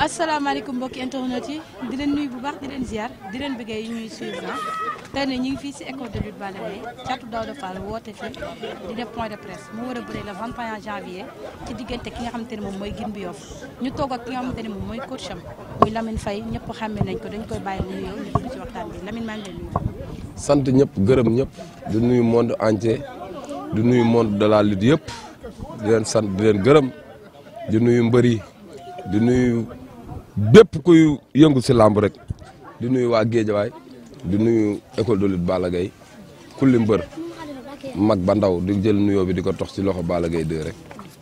asalaamaaleykum mbokki internet yi di len nuyu bu baax di len ziar di len bëggee yi ñuy suivre ah ne ñu ngi fi ci école de lutte Balla Gaye Thiatou Daouda Fall woote fi di def point de presse mu wara a le 21 janvier ci digënté ki nga xamanteni ne moy mooy Guine Mbiof ñu toog ak ki nga xamanteni ne moy mooy coach am muy Lamine Faye ñepp xamé nañ ko dañ koy bayyi mu nuyoo ñu dugg ci waxtaan bi Lamine maa ngi lay nuyu. sant ñëpp gërëm ñepp di nuyu monde entier di nuyu monde de la lutte yépp di len sant di len gërëm di nuyu mbër yi di nuyu. bépp kuy yëngu si làmb rek di nuyu waa Géejawaay di nuyu école de lutte Balla Gaye kulli mbër mag ba ndaw du jël nuyoo bi di ko tox ci loxo Balla Gaye 2 rek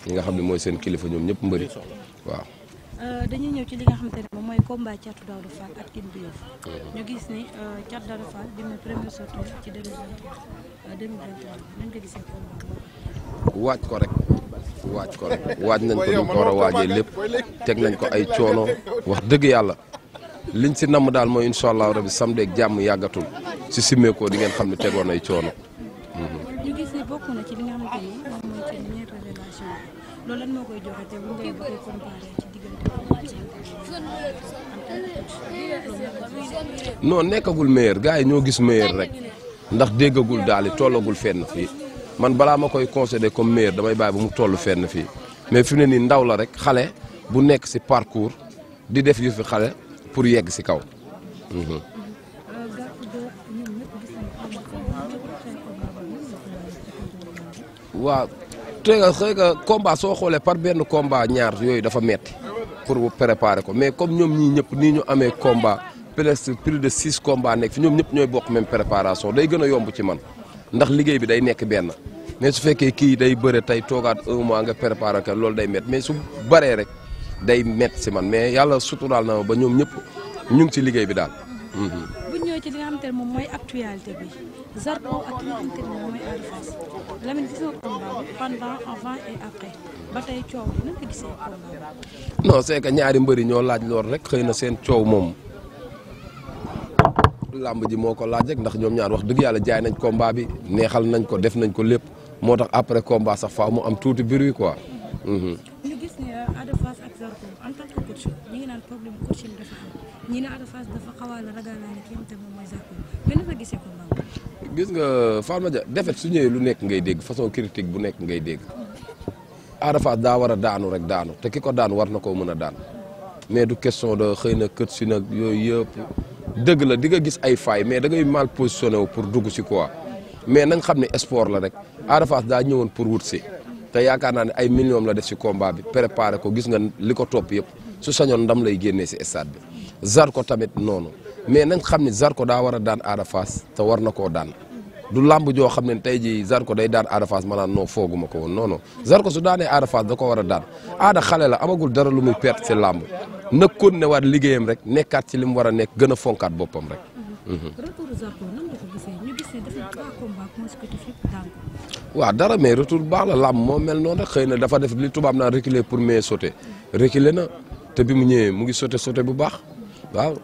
nga xam ne mooy seen kilifa ñoom ñëpp mbëri waaw. Euh, dañuy ñëw ci li nga xamante ne mooy combat Thiatou Daouda Fall ak euh, Tine euh, bi muy premier ko rek. waaj ko rek waaj nañ ko ni ko war a waajee lépp teg nañ ko ay coono wax dëgg yàlla liñ si namm daal mooy incha allah rabi samedi ak jàmm yàggatul si simmeekoo di ngeen xam ne tegoon ay coono. ñu nekkagul meilleur gars yi ñoo gis meilleur rek ndax déggagul daal di tollagul fenn fii. man bala ma koy concéder comme maire damay bay bu mu tollu fenn fi mais fi mu ne nii ndaw la rek xalé bu nek ci parcours di def yu xalé pour yegg ci kaw. Mhm. waaw tey nga xëy nga combat so xolé par ben combat ñaar yoy dafa metti pour préparer ko mais comme ñom ñi ñëpp ni ñu amé combat presque plus de 6 combats nek fi ñoom ñëpp ñooy bokk même préparation day gën yomb ci man. ndax liggéey bi day nekk benn mais su fekkee kii day bëre tey toogaat un mois nga préparé ko loolu day met mais su baree rek day met si man mais yàlla suturaal na ma ba ñoom ñëpp ñu ngi ci liggéey bi daal. Mhm. bu ñëwee ci li nga xamante ne moom mooy actualité bi ba tey coow nan nga gisee combat non c'est que ñaari mbëri ñoo laaj lool rek xëy na seen coow moom. làmb ji moo ko laaj rek ndax ñoom ñaar wax dëgg yàlla jaay nañ mbaa bi neexal nañ ko def nañ ko lépp moo tax après combat sax faaw mu am tuuti bruit quoi. Mhm. gis ne Ada Fass a ragalaale su ñëwee lu nekk ngay dégg façon critique bu nekk ngay dégg Ada Fass daa war daanu rek daanu te ki ko daanu war na koo mën a daan mais du question de xëy na kët si nag yooyu yëpp. dëgg la di gis ay failles mais da ngay mal positionné wu pour dugg si quoi mais na xam ne sport la rek Ada daa ñëwoon pour wut si te yaakaar naa ne ay millions la def si combat bi préparé ko gis nga li ko topp yëpp su sañoon ndam lay génne si stade bi zar ko tamit noonu mais na nga xam ne Zarko daa war a daan Ada te war na koo daan. du làmb joo xam ne tey jii Zarko day daan Ada Fass noo fooguma ko woon noonu non Zarko su daanee Ada da ko war a daan aada xale la amagul dara lu muy perte si làmb nekkoon ne war liggéeyam rek nekkaat ci li mu war a nekk gën a fonkaat boppam rek. Mhm. retour Zarko nan nga ko gisee ñu daan ko. baax la làmb moo mel noonu rek xëy na dafa def li tubaab naan pour mieux sauter reculer na te bi mu ñëwee mu ngi sauter sauter bu baax waaw.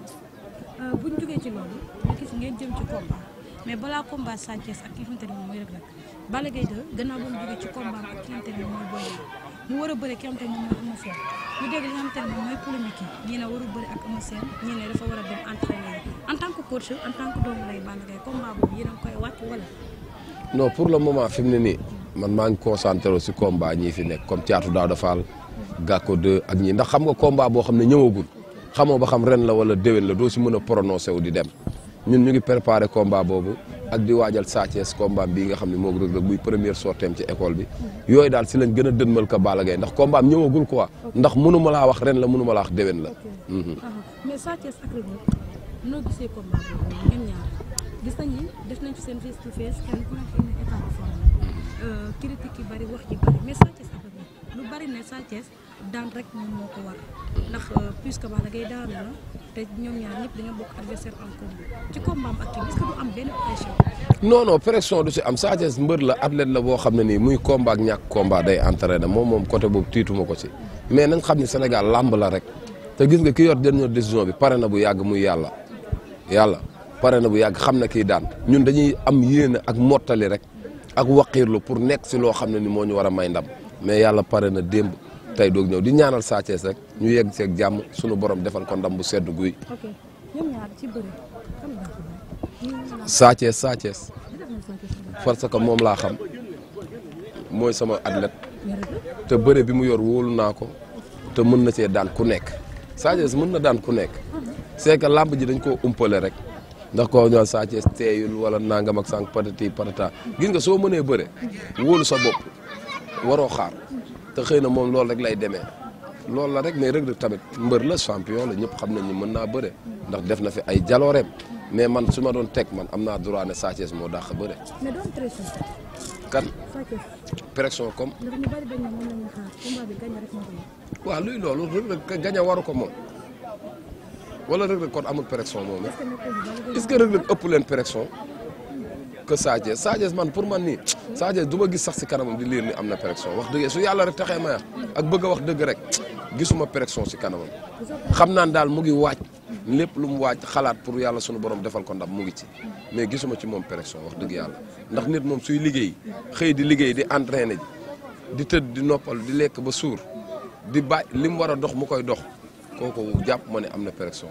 Euh, mais balaa combat Sa ak ki nga xamante ne mooy Reug Reug Balla Gaye 2 gannaaw ba mu jógee ci combat mu war a bëri ki nga xamante ne moom war a bëri ak Eumeu Sène ñii ne dafa a dem fi mu ne nii man maa ngi concentré si combat ñii fi nekk comme Thiatou Daouda Fall Gacko 2 ak ñii ndax xam nga combat boo xam ne ñëwagul xamoo ba xam ren la wala déwén la doo si mën a prononcé wu di dem ñun ñu ngi préparé komba boobu ak di waajal Sa Thiès combat bii nga xam ne moo Reug Reug buy première sorteem ci école bi yooyu daal si lañ gën a dënmal ka Balla Gaye ndax combat am ñëwagul quoi ndax mënu ma laa wax ren la mënu ma laa wax déwén la mhm. ah, mais Sa ak Reug lu bari ne Sa daan rek moom moo ko war ndax euh, puisque Balla Gaye daan na te ñoom ñaar du si am Sa mbër la athlète la boo xam ne ni muy combat ak ñàkk komba day entraîné moom moom côté boobu tiituma ko si mais nañ xam ni Sénégal làmb la rek te gis nga ki yor dernière décision bi pare na bu yàgg muy yàlla yàlla pare na bu yàgg xam na kii daan ñun dañuy am yéene ak mottali rek ak waqiirlu pour nekk si loo xam ne ni moo ñu war a may ndam mais yàlla pare na démb tey doog ñëw di ñaanal Sa rek ñu yegg seeg jàmm sunu borom defal ko ndam bu sedd guy. Sa Thiès Sa Thiès que moom laa xam mooy sama athlète te bëre bi mu yor wóolu naa ko te mën na see daan ku nekk Sa mën na daan ku nekk c'est que làmb ji dañ koo umpale rek ndax ko ñoo Sa Thiès teeyul wala nangam ak sànq patati patata gis nga soo mënee bëre wóolu sa bopp waroo xaar te xëy na moom loolu rek lay demee loolu la rek mais Reug Reug tamit mbër la champion la ñëpp xam nañ ni mën naa bëre ndax def na fi ay jalooreem mais man su ma doon teg man am naa droit ne Sa moo dàq bëre. mais kan pression comme. waaw luy loolu Reug Reug gañ a waru ko moom wala Reug Reug kon amul pression moom est-ce que Reug Reug ëpp leen pression. que Sadio Sadio man pour man nii Sadio du ma gis sax si kanamam di liir ni am na pression wax dëgg su yàlla rek taxee ma ak bëgg wax dëgg rek gisuma pression si kanamam xam naan daal mu ngi waaj lépp lu mu waaj xalaat pour yàlla sunu borom defal ko ndam mu ngi ci mais gisuma ci moom pression wax dëgg yàlla ndax nit moom suy liggéey xëy di liggéey di entraîné ji di tëdd di noppal di lekk ba suur di bàyyi li mu war a dox mu koy dox kooku jàpp ma ne am na pression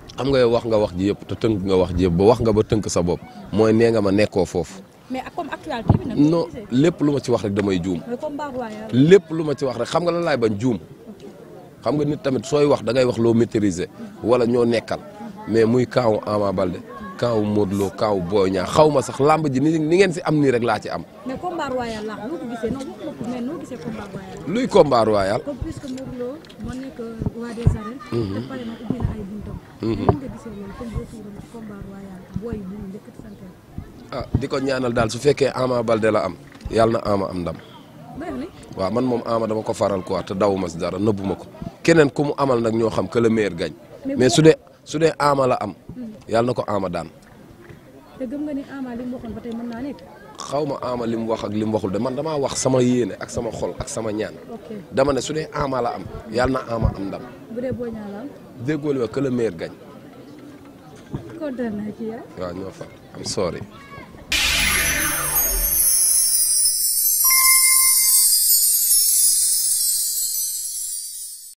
xam nga wax nga wax ji yëpp te tënk nga wax ji yëpp ba wax nga ba tënk sa bopp mooy nee nga ma nekkoo foofu. mais comme actualité bi nag. non lépp lu ma ci wax rek damay juum. lépp lu ma ci wax rek xam nga lan laay bañ juum. xam nga nit tamit sooy wax da ngay wax loo maîtriser wala ñoo nekkal mais muy kaawu Ama balde kaawu modlo Lo kaawu Boy xaw ma sax lamb ji ni ni ngeen si am nii rek laa ci am. mais combat royal la ko ko non combat royal. luy combat royal. ma mhm. mhm. ah, di ko ñaanal daal su fekkee Ama Baldé la am yàlla na Ama am ndam. waaw man moom Ama dama ko faral quoi te dawuma si dara nëbbuma ko keneen ku mu amal nag ñoo xam que le meilleur mais su dee su dee Ama la am. Mhm. yàlla na ko Ama daan. te gëm nga ni Ama li mu ba tey mën naa nekk. xaw ma ama li mu wax ak li waxul de man damaa wax sama yéene ak sama xol ak sama ñaan. dama ne su dee ama la am yàlla na ama am ndam. bu dee boo ñaanal. déggoo li ma que le meilleur gagne. ñoo fa am sorry.